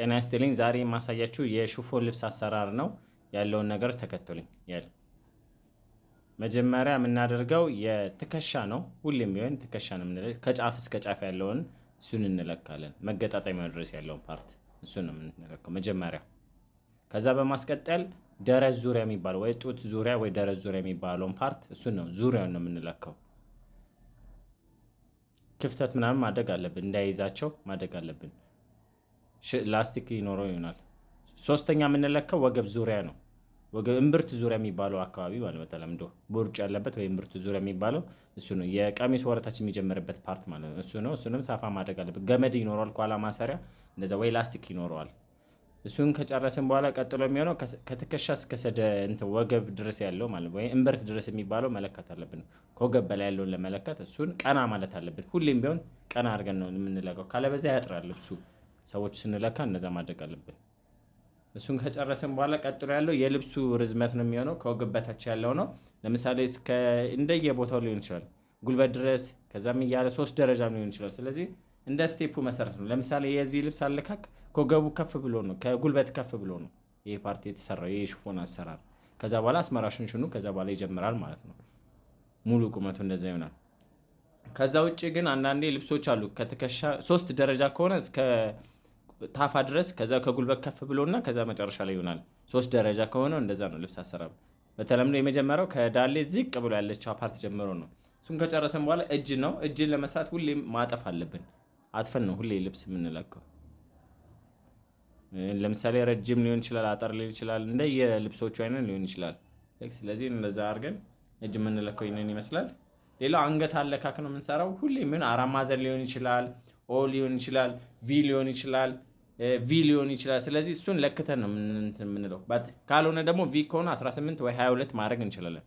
ጤና ይስጥልኝ። ዛሬ የማሳያችሁ የሹፎን ልብስ አሰራር ነው። ያለውን ነገር ተከተሉኝ። ያል መጀመሪያ የምናደርገው የትከሻ ነው። ሁሌም ቢሆን ትከሻ ነው የምንለው። ከጫፍ እስከ ጫፍ ያለውን እሱን እንለካለን። መገጣጠሚያ ድረስ ያለውን ፓርት እሱን ነው የምንለካው መጀመሪያ። ከዛ በማስቀጠል ደረት ዙሪያ የሚባለው ወይ ጡት ዙሪያ ወይ ደረት ዙሪያ የሚባለውን ፓርት እሱን ነው ዙሪያውን ነው የምንለካው። ክፍተት ምናምን ማደግ አለብን፣ እንዳይይዛቸው ማደግ አለብን። ላስቲክ ይኖረው ይሆናል። ሶስተኛ የምንለካው ወገብ ዙሪያ ነው። ወገብ እምብርት ዙሪያ የሚባለው አካባቢ ማለት በተለምዶ ቦርጭ ያለበት ወይ እምብርት ዙሪያ የሚባለው እሱ ነው። የቀሚሱ ወረታች የሚጀምርበት ፓርት ማለት ነው እሱ ነው። እሱንም ሳፋ ማድረግ አለበት። ገመድ ይኖረዋል፣ ከኋላ ማሰሪያ እንደዛ ወይ ላስቲክ ይኖረዋል። እሱን ከጨረስን በኋላ ቀጥሎ የሚሆነው ከትከሻ እስከ ሰደ እንትን ወገብ ድረስ ያለው ማለት ወይ እምብርት ድረስ የሚባለው መለካት አለብን። ከወገብ በላይ ያለውን ለመለካት እሱን ቀና ማለት አለብን። ሁሌም ቢሆን ቀና አድርገን ነው የምንለቀው፣ ካለበዛ ያጥራል ልብሱ ሰዎች ስንለካ እነዛ ማድረግ አለብን። እሱን ከጨረስን በኋላ ቀጥሎ ያለው የልብሱ ርዝመት ነው የሚሆነው። ከወገብ በታች ያለው ነው። ለምሳሌ እስከ እንደየቦታው ሊሆን ይችላል፣ ጉልበት ድረስ ከዛም እያለ ሶስት ደረጃም ሊሆን ይችላል። ስለዚህ እንደ ስቴፑ መሰረት ነው። ለምሳሌ የዚህ ልብስ አለካክ ከወገቡ ከፍ ብሎ ነው፣ ከጉልበት ከፍ ብሎ ነው ይህ ፓርቲ የተሰራው ይህ ሽፎን አሰራር። ከዛ በኋላ አስመራ ሽንሽኑ ከዛ በኋላ ይጀምራል ማለት ነው። ሙሉ ቁመቱ እንደዛ ይሆናል። ከዛ ውጭ ግን አንዳንዴ ልብሶች አሉ ከትከሻ ሶስት ደረጃ ከሆነ እስከ ታፋ ድረስ ከዛ ከጉልበት ከፍ ብሎና ከዛ መጨረሻ ላይ ይሆናል። ሶስት ደረጃ ከሆነ እንደዛ ነው ልብስ አሰራር። በተለምዶ የመጀመሪያው ከዳሌ ዝቅ ብሎ ያለችው ፓርት ጀምሮ ነው። እሱን ከጨረሰን በኋላ እጅ ነው። እጅን ለመስራት ሁሌም ማጠፍ አለብን። አጥፈን ነው ሁሌ ልብስ የምንለካው። ለምሳሌ ረጅም ሊሆን ይችላል፣ አጠር ሊሆን ይችላል፣ እንደ የልብሶቹ አይነት ሊሆን ይችላል። ስለዚህ እንደዛ አድርገን እጅ የምንለካው ይንን ይመስላል። ሌላው አንገት አለካክ ነው የምንሰራው። ሁሌ ምን አራት ማዕዘን ሊሆን ይችላል፣ ኦ ሊሆን ይችላል፣ ቪ ሊሆን ይችላል ቪ ሊሆን ይችላል። ስለዚህ እሱን ለክተን ነው የምንለው። ካልሆነ ደግሞ ቪ ከሆነ 18 ወይ 22 ማድረግ እንችላለን።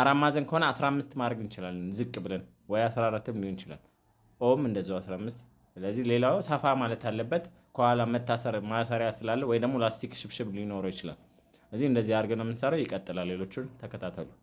አራት ማዕዘን ከሆነ 15 ማድረግ እንችላለን ዝቅ ብለን ወይ 14ም ሊሆን ይችላል። ኦም እንደዚ 15። ስለዚህ ሌላው ሰፋ ማለት አለበት ከኋላ መታሰር ማሰሪያ ስላለ ወይ ደግሞ ላስቲክ ሽብሽብ ሊኖረው ይችላል። እዚህ እንደዚህ አድርገን ነው የምንሰራው። ይቀጥላል። ሌሎቹን ተከታተሉ።